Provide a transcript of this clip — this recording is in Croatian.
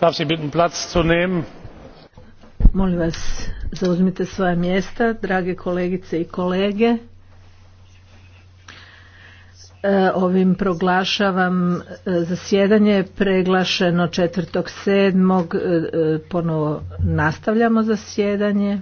darf sie bitten platz zu nehmen. molim vas zauzmite svoja mjesta drage kolegice i kolege e, ovim proglašavam e, zasjedanje preglašeno 4.7. E, ponovo nastavljamo zasjedanje